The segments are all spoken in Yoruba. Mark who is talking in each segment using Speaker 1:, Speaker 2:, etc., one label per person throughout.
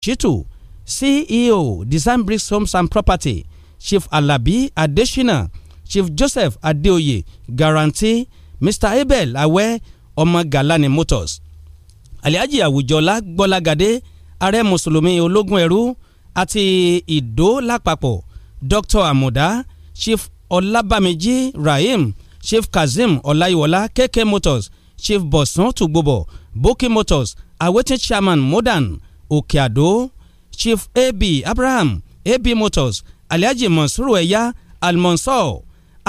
Speaker 1: shitu ceo design bricks homes and property chief alabi adesina chief joseph adeoye guarantee mr abel awẹ ọmọ galani motors Aliaji, awujọla gbọlagadé Are mùsùlùmí ológun ẹrú àti ìdó lápapọ̀ dr amuda chief Olabamiji, rahim chief kazeem ọláyíwọlá kk motors chief bọ̀sán tùgbòbọ̀ bókì motors awetin chairman modern òkè àdó chief ab abraham ab motors alhaji monsuru ẹ̀yá almonsor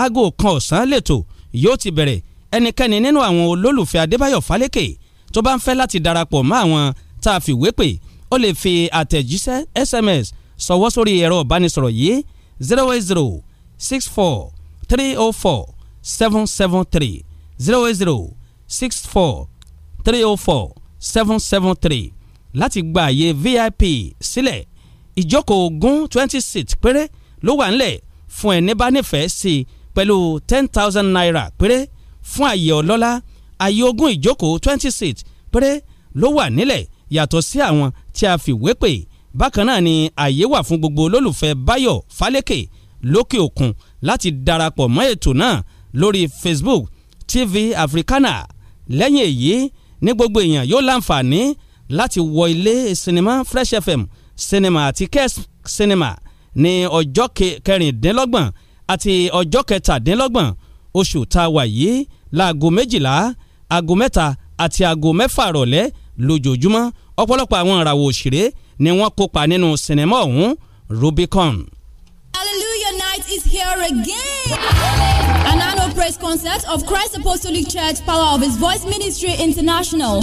Speaker 1: aago kan ọ̀sán lẹ́tọ̀ yóò ti bẹ̀rẹ̀ ẹnikẹ́ni nínú àwọn olólùfẹ́ adébáyọ̀ fálékè tó bá ń fẹ́ láti darapọ̀ mọ́ àwọn tá a fìwé pè ó lè fi àtẹ̀jíṣẹ́ sms sọ̀wọ́ sórí ẹ̀rọ ìbánisọ̀rọ̀ yìí zero eight zero six four three oh four seven seven three zero eight zero six four three oh four seven seven three láti gba àyè VIP sílẹ̀ ìjókòó ogún twenty seat péré ló wà ńlẹ̀ fún ẹni bá nífẹ̀ẹ́ sí i pẹ̀lú ten thousand naira péré fún àyè ọlọ́lá àyè ogún ìjókòó twenty seat péré ló wà nílẹ̀ yàtọ̀ sí àwọn tí a fìwé pè bákan náà ni àyè wà fún gbogbo olólùfẹ́ Báyọ̀ Fálékè lókè òkun láti darapọ̀ mọ́ ètò náà lórí Facebook TV Africana lẹ́yìn èyí ní gbogbo èèyàn yóò láǹfààní láti wọ ilé sinimá Fresh FM sinimá àti Kes sinimá ní ọjọ́ kẹrìndínlọ́gbọ̀n àti ọjọ́ kẹtàdínlọ́gbọ̀n oṣù tá a wà yìí láago méjìlá aago mẹ́ta àti aago mẹ́fà rọ̀lẹ́ lójoojúmọ́ ọ̀pọ̀lọpọ̀ àwọn ìràwọ̀ òṣèré ni wọ́n kópa nínú sinimá ọ̀hún Rubicon.
Speaker 2: Hallelujah night is here again. An annual praise concert of Christ Apostolic Church Power of His Voice Ministry International.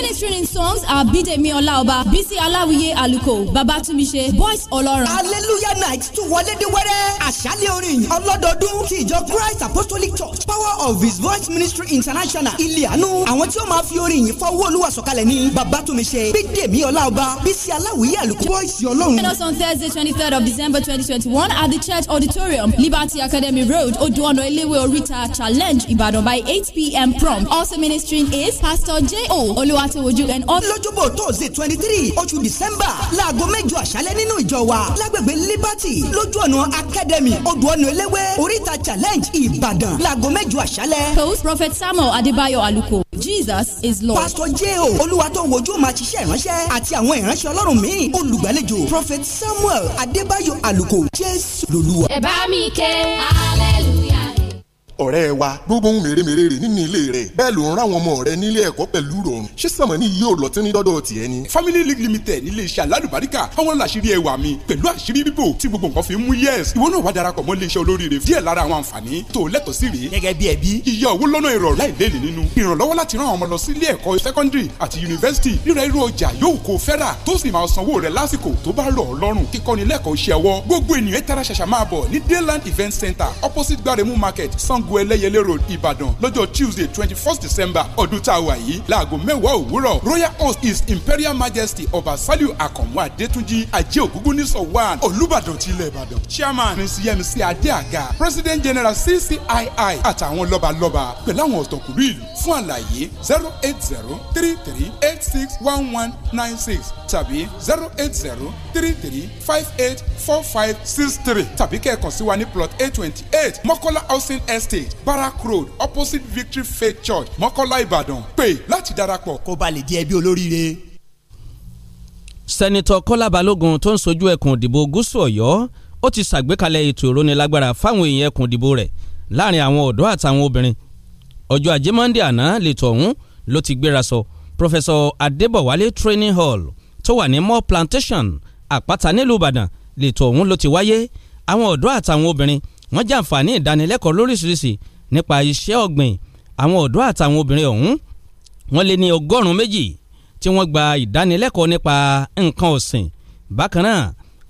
Speaker 2: Ministering in song, are Bídèmí Ọláọba, Bísí Aláwiyé Àlùkò, Babátúmiṣe, Boys Ọlọ́run. Hallelujah night tún wọlé dé wẹ́rẹ́. Àṣálẹ̀ orin ọlọ́dọọdún ti ìjọ Christ Apostolic Church Power of His Voice Ministry International ilé àánú. Àwọn tí ó máa fi orin yìí fọwọ́ olúwa sọ̀kalẹ̀ ní Babátúmiṣe, Bídèmí Ọláọba, Bísí Aláwiyé Àlùkò, Boys Ọlọ́run. Join us on Thursday twenty third of December twenty twenty one at the Church Auditorium, Liberty Academy Road, Odoano Elewe Orita, Challenge, Ibadan by eight pm prompt. Also ministering is Pastor J O Oluwatowoju and other lọ́jọ́bọ̀ tóòzè twenty three oṣù december láago mẹ́jọ àṣálẹ́ nínú ìjọ wa lágbègbè liberty lójú ọ̀nà academy odò ọ̀nà eléwé oríta challenge ìbàdàn láago mẹ́jọ àṣálẹ́. host prophet samuel Adebayo aluko jesus is lord. pastor j o olùwàtòwòjú máa ṣiṣẹ́ ìránṣẹ́ àti àwọn ìránṣẹ́ ọlọ́run míì olùgbàlejò prophet samuel Adebayo aluko jésù lolúwa. ẹ bá mi ké hallelujah ọ̀rẹ́ wa gbogbo ohun mèremère rẹ̀ nínú ilé rẹ̀ bẹ́ẹ̀ ló ń ráwọn ọmọ rẹ̀ nílé ẹ̀kọ́ pẹ̀lú rọrùn ṣé sànmọ́ni yóò lọ tí ní dọ́dọ̀ tiẹ̀ ni. family league limited nílé iṣẹ́ aládùbáríkà àwọn làṣírí ẹwà mi pẹ̀lú àṣírí bíbò tí gbogbo nǹkan fi mú yẹ́s. ìwọ náà wá darapọ̀ mọ́ iléeṣẹ́ olóríire díẹ̀ lára àwọn àǹfààní tó lẹ́tọ̀ọ́ sí rèé. gẹ́gẹ́ bí ẹbí. iye owó lọ́nà ìrọ̀rùn láì léèlì nínú. ìrànlọ́wọ́ láti rán àwọn ọmọ lọ sí ilé secondary àti yunifásitì ríra irú ọjà yóò kó fẹ́rà tó sì máa sanwó rẹ̀ lásìkò tó bá rọ̀ ọ́ lọ́rùn kíkọ́ni lẹ́kọ̀ọ́ iṣẹ́ ọwọ́. gbogbo ènìyàn tara event center opposite gbaremu market láago ẹlẹ́yẹlé road ìbàdàn lọ́jọ́ tuesday twenty first december ọdún tá a wà yìí láago mẹ́wàá òwúrọ̀ royal host is imperial majesty ọba saliu akànmú adétúnjì ajé ògúngúnnísọ one olùbàdàn ti ilẹ̀ ìbàdàn chairman prince yemisi adéaga president general ccii àtàwọn lọ́balọ́ba pẹ̀lú àwọn ọ̀tọ̀kùnrin ìlú fún àlàyé zero eight zero three three eight six one one nine six tàbí zero eight zero three three five eight four five six three tàbí kẹ́ẹ̀kan sí wa ní plot eight twenty eight mọ́kọ́lá housing estate estate barak road opposite victory faith church mọ́kọ́lá ìbàdàn pè láti darapọ̀. kó ba lè di ẹbí olóríire.
Speaker 1: sẹ́nitọ́ kọ́lá balógun tó ń sojú ẹkùn ìdìbò gúúsù ọ̀yọ́ ó ti ṣàgbékalẹ̀ ètò ìrónilágbára fáwọn èèyàn ẹkùn ìdìbò rẹ̀ láàrin àwọn ọ̀dọ́ àtàwọn obìnrin ọjọ́ ajé monde àná lètò ọ̀hún ló ti gbéra sọ pọfẹsọ adébọ̀wálé training hall tó wà ní more plantation àpáta nílùú ìbàdàn lètò ọ̀hún ló ti wáyé àwọn ọ̀dọ́ àtàwọn obìnrin wọ́n jàǹfààní ìdánilẹ́kọ̀ọ́ lóríṣiríṣi nípa iṣẹ́ ọ̀gbìn àwọn ọ̀dọ́ àtàwọn obìnrin ọ̀hún wọ́n lé ní ọgọ́rùn-ún méjì tí wọ́n gba ìdánilẹ́kọ̀ọ́ nípa nǹkan ọ̀sìn bákan náà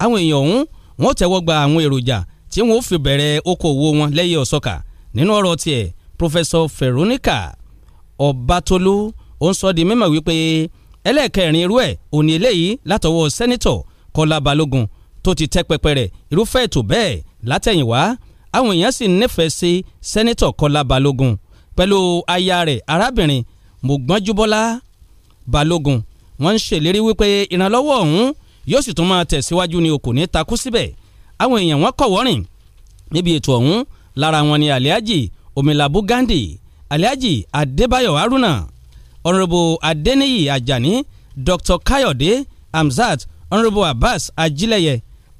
Speaker 1: àwọn èèyàn ọ̀hún wọ́n tẹ́wọ́ gba àwọn èròjà tí wọ́n fi bẹ̀rẹ̀ okòwò wọn lẹ́yìn ọ̀sọ́kà nínú ọ̀rọ̀ tiẹ̀ Professor Veronica Ọbátólú ó ń sọ di mímọ̀ wípé ẹlẹ́ẹ̀kẹrin irú ẹ̀ òní eléyìí látọwọ́ sẹ́nitọ̀ Kọ́lá Balógun tó ti tẹ́ pẹpẹ rẹ̀ irúfẹ́ ètò bẹ́ẹ̀ látẹ̀yìnwá àwọn èèyàn sì nífẹ̀ẹ́ sí sẹ́nẹ́tọ̀ Kọ́lá Balógun pẹ̀lú aya rẹ̀ arábìnrin Mọ̀gbọ́njúbọ́lá Balógun wọ́n ń ṣèlérí wípé ìrànlọ́wọ́ ọ̀hún yóò sì tún máa tẹ̀síwájú ni o kò ní takú síbẹ̀ àwọn èèyàn wọn kọ̀ wọ́rìn níbi ètò ọ̀hún lára wọn ni aliaji omilabu gandhi aliaji adébáyọ̀ haruna ọ̀nrọ̀bù adéníyì ajani dr kayode hamzat ọ̀nrọ̀bù abbas ajileye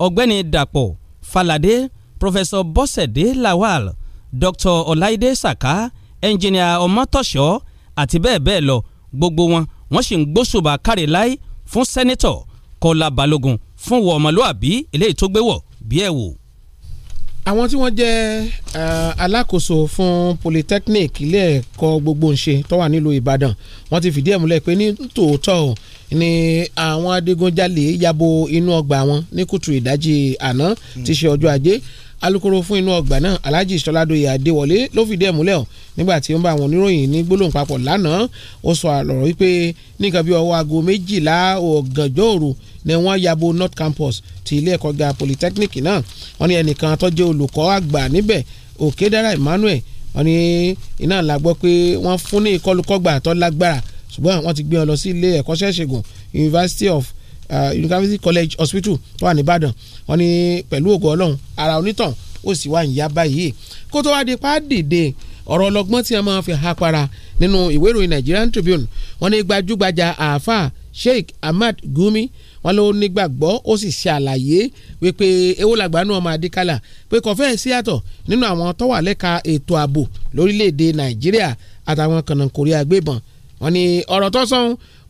Speaker 1: ọ̀gbẹ́ni dàpọ̀ falade professor bọ́sẹ̀dé lawal dr ọláìdé saka ẹnjìnìà ọmọtọ́ṣọ́ àti bẹ́ẹ̀ bẹ́ẹ̀ lọ gbogbo wọn wọ́n sì ń gbóṣùbà kárí láì fún sẹ́nẹ́tọ̀ kọlá balógun fún wọ ọmọlúàbí eléyìí tó gbé wọ̀ bí ẹ̀ wò.
Speaker 3: àwọn tí wọ́n jẹ́ alákòóso fún polytechnic ilé ẹ̀kọ́ gbogbo ńṣe tó wà nílùú ìbàdàn wọ́n ti fìdí ẹ̀ múlẹ̀ pé ní tòótọ́ o ni àwọn adigunjalè yabo inú ọgbà wọn ní kùtù ìdájí àná hmm. ti ṣe ọjọ́ ajé alukoro fún inú ọgbà náà alhaji sọládòye adéwọlé ló fìdí ẹ̀ múlẹ̀ o nígbà tí ó ń bá àwọn oníròyìn ní gbólóhùn papọ̀ lánàá ó sọ àlọ́rọ̀ wípé nìkan bí ọwọ́ aago méjìlá ọ̀gànjọ́ òru ni wọ́n yabo north campus ti ilé ẹ̀kọ́ ga polytechnic náà wọ́n ní ẹnìkan tó jẹ́ olùkọ́ àgbà níbẹ̀ òkèdára emmanuel wọ́n ní iná la gbọ́ pé wọ́n fún ní ìkọlùkọ́gbà tó lágbára ṣùgbọ́n wọ́n ti gbé wọn lọ sí ilé ẹ̀kọ́ṣẹ́ university of Ah, University College Hospital tó wà nìbàdàn wọn ni pẹ̀lú ògo ọlọ́run ara onítàn ó sì wá ìyá báyìí kó tó wá di pa dìde ọ̀rọ̀ ọlọ́gbọ́n tí a máa fi ha para nínú ìwé ìròyìn Nigerian Tribune wọn ni gbajúgbajà àáfàá Sheikh Ahmad Gumi wọn ló nígbàgbọ́ ó sì ṣe àlàyé wípé ewu làgbánú ọmọ adékálà pé kò fẹ́ẹ̀ sí yàtọ̀ nínú àwọn tó wà lẹ́ka ètò ààbò lórílẹ̀‐èdè Nàìjíríà àtàwọn kànáńkórí agbébọn wọn ni ọ̀rọ̀ tó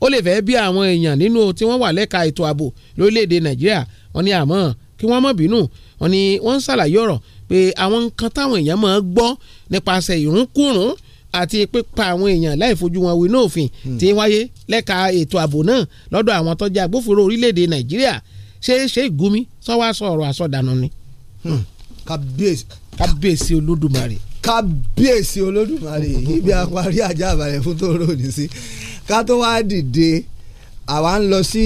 Speaker 3: ó lè fẹ́ bí àwọn èèyàn nínú tí wọ́n wà lẹ́ka ètò ààbò lórílẹ̀‐èdè nàìjíríà wọ́n ní àmọ́ kí wọ́n má bínú wọ́n ní wọ́n ń ṣàlàyé ọ̀rọ̀ pé àwọn nǹkan táwọn èèyàn máa gbọ́ nípasẹ̀ ìrúnkúrún àti pípa àwọn èèyàn láì fojú wọn wínú òfin hmm. tí ń wáyé lẹ́ka ètò ààbò náà lọ́dọ̀ àwọn tó jẹ́ agbófinró orílẹ̀‐èdè nàìjíríà ṣé ṣé ìgúnmi sọ́wọ́ aṣọ ọ̀rọ̀ àsọdànù ni. Hmm. kábíyèsí kábíyèsí olódùmarè. kábíyèsí olódùmarè ibi àparí àjàbàrẹ̀ fún tó rò ní sí ká tó wá dìde
Speaker 1: àwa ń lọ sí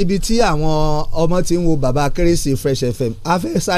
Speaker 1: ibi tí àwọn ọmọ ti ń wo bàbá kérésì Fresh FM a fẹ́ sáré